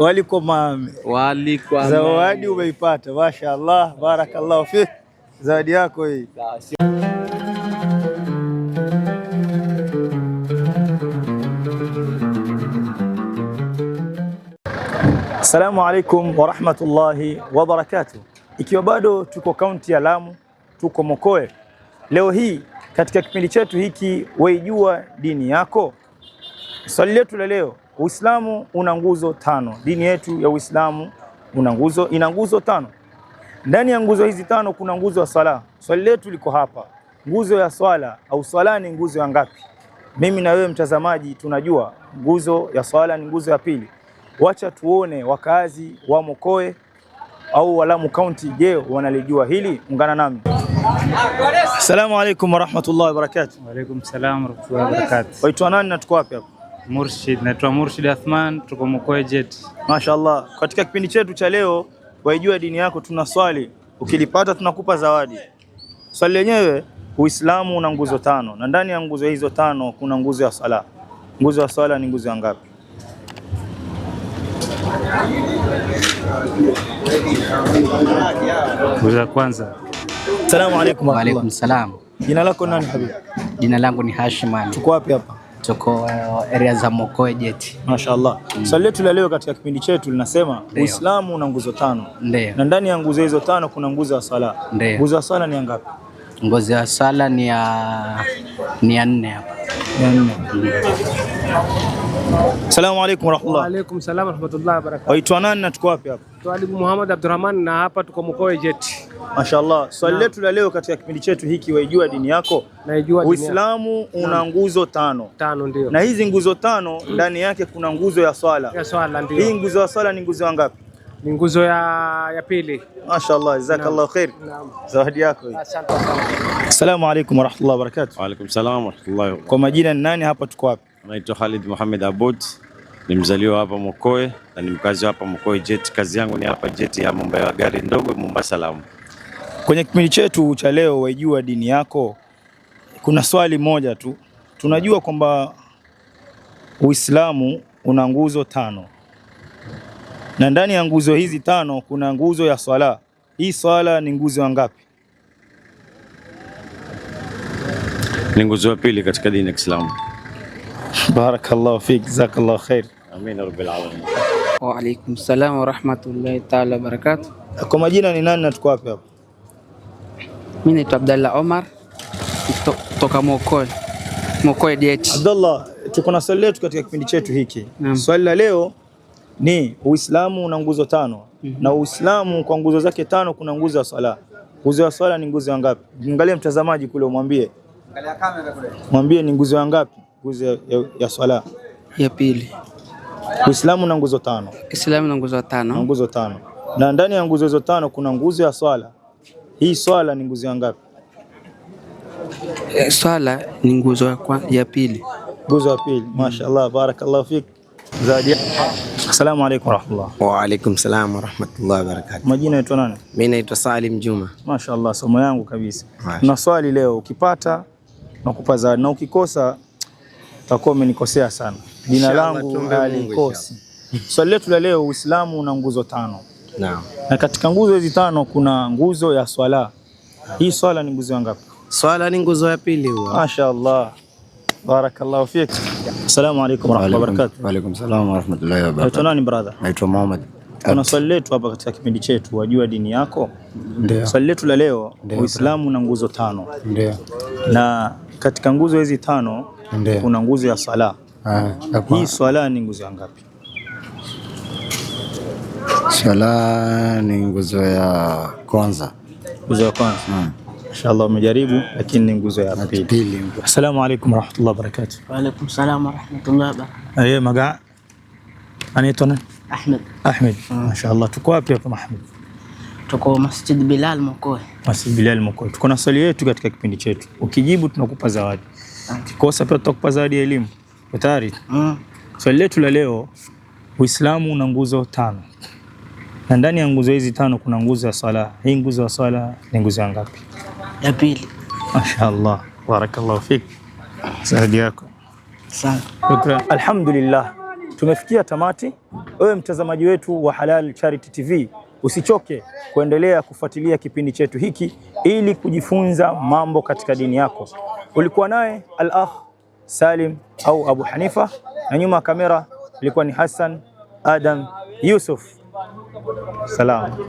Walikomame waliko zawadi umeipata, mashaallah, barakallahu fik, zawadi yako hii. Assalamu alaikum warahmatullahi wabarakatuh. Ikiwa bado tuko kaunti ya Lamu, tuko mokoe Leo hii katika kipindi chetu hiki, weijua dini yako, swali letu la leo Uislamu una nguzo tano. Dini yetu ya Uislamu una nguzo, ina nguzo tano. Ndani ya nguzo hizi tano kuna nguzo ya swala. Swali letu liko hapa, nguzo ya swala au swala ni nguzo ya ngapi? Mimi na wewe mtazamaji tunajua nguzo ya swala ni nguzo ya pili. Wacha tuone wakazi wa Mokoe au Walamu County, je, wanalijua hili? Ungana nami. Assalamu alaykum wa rahmatullahi Wa wa rahmatullahi wa barakatuh. Waitwa nani na tuko wapi hapa? Murshid, naitwa Murshid Athman, tuko Mkoe Jet. Mashaallah, katika kipindi chetu cha leo waijua dini yako, tuna swali ukilipata tunakupa zawadi. Swali lenyewe, Uislamu una nguzo tano na ndani ya nguzo hizo tano kuna nguzo ya sala. Nguzo ya sala ni nguzo ya ngapi? Nguzo ya kwanza. Asalamu alaykum. Wa alaykum salam. Jina lako nani habibi? Jina langu ni Hashim. Tuko wapi hapa? tuko uh, area za Mokoe Jet. Mashaallah. Mm. Swali letu la leo katika kipindi chetu linasema Uislamu una nguzo tano. Ndiyo. Na ndani ya nguzo hizo tano kuna nguzo ya sala. Nguzo ya sala ni ngapi? Nguzo ya sala ni ya ni ya nne hapa. Ya nne. Mm. Asalamu alaykum warahmatullahi. Wa alaykum salam wa wabarakatuh. Waitwa nani na tuko wapi hapa? Twalibu Muhammad Abdurrahman na hapa tuko mkoa Jeti. Mashaallah. Swali so, letu la leo katika kipindi chetu hiki waijua dini yako? Naijua dini. Uislamu una nguzo tano. Tano ndio. Na hizi nguzo tano mm. ndani mm, yake kuna nguzo ya swala. Ya swala ndio. Hii nguzo ya swala ni nguzo ngapi? Ni nguzo ya ya pili. Mashaallah, jazakallahu khair. Naam. Zawadi yako hii. Asante sana. Asalamu alaykum wa wabarakatuh. Wa alaykum salam wa wabarakatuh. Kwa majina nani hapa tuko wapi? Naitwa Khalid Mohamed Abud, ni mzaliwa hapa Mokoe na ni mkazi hapa Mokoe Jet. Kazi yangu ni hapa Jet ya mambo ya gari ndogo Mombasa Lamu. Kwenye kipindi chetu cha leo, waijua dini yako, kuna swali moja tu. Tunajua kwamba Uislamu una nguzo tano na ndani ya nguzo hizi tano kuna nguzo ya swala. Hii swala ni nguzo ya ngapi? Ni nguzo ya pili katika dini ya Kiislamu. Barakallahu fik, jazakallahu khair. Amin rabbil alamin. Wa alaikum salam wa rahmatullahi taala wa barakatuh. Kwa majina ni nani na tuko wapi hapa? Mimi naitwa Abdallah Omar kutoka Mokoe. Mokoe Diet. Abdallah, tuko na swali letu katika kipindi chetu hiki. Mm. Swali la leo ni Uislamu una nguzo tano. Mm -hmm. Na Uislamu kwa nguzo zake tano kuna nguzo ya swala. Nguzo ya swala ni nguzo ya ngapi? Angalia mtazamaji kule umwambie. Angalia kamera kule. Mwambie ni nguzo ya ngapi? Nguzo ya, ya, ya swala ya pili. Uislamu na nguzo tano. Uislamu na nguzo tano. Na nguzo tano. Na ndani ya nguzo hizo tano kuna nguzo ya swala. Hii swala ni nguzo ya ngapi? Eh, swala ni nguzo ya, kwa, ya pili. Nguzo ya pili. Mashaallah, barakallahu fik. Zaidi. Asalamu alaykum wa rahmatullah. Wa alaykum salam wa wa barakatuh. Majina yetu nani? Mimi naitwa Salim Juma. Mashaallah, somo yangu kabisa. Na swali leo ukipata nakupa zawadi na ukikosa utakuwa umenikosea sana. Jina langu alikosi. Swali letu la leo, Uislamu una nguzo tano Naam. na katika nguzo hizi tano kuna nguzo ya swala. Hii swala ni nguzo ngapi? Swala ni nguzo ya pili huwa. Mashaallah. Barakallahu fik. Assalamu alaykum wa rahmatullahi wa barakatuh. Wa alaykum salaam wa rahmatullahi wa barakatuh. Naitwa nani brother? Naitwa Muhammad. Kuna swali letu hapa katika kipindi chetu wajua dini yako. Ndio. Swali letu la leo, Uislamu una nguzo tano. Ndio. Na katika nguzo hizi tano Ndea. kuna nguzo ya sala. Ah, Hii swala ni nguzo ya ngapi? Swala ni nguzo ya kwanza. Nguzo ya kwanza. Hmm. Inshallah umejaribu lakini ni nguzo ya pili. Asalamu alaykum warahmatullahi wabarakatuh. Wa alaykum salaam warahmatullahi wabarakatuh. Aye, eh, maga anaitwa nani? Ahmed. Ahmed. Mashaallah, tuko wapi hapa Ahmed? Tuko Masjid Bilal Mokoe. Masjid Bilal Mokoe. Tuko na swali yetu katika kipindi chetu, ukijibu tunakupa zawadi, ukikosa pia tutakupa zawadi ya elimu. Tayari? Mm. Swali letu la leo, Uislamu una nguzo tano na ndani ya nguzo hizi tano kuna nguzo ya swala. Hii nguzo ya swala ni nguzo ya ngapi? Ya pili. Mashaallah, barakallahu fik. Zawadi yako. Asante. Alhamdulillah, tumefikia tamati. Wewe mtazamaji wetu wa Halal Charity TV Usichoke kuendelea kufuatilia kipindi chetu hiki ili kujifunza mambo katika dini yako. Ulikuwa naye al-akh Salim au Abu Hanifa, na nyuma ya kamera ilikuwa ni Hassan Adam Yusuf. Salam.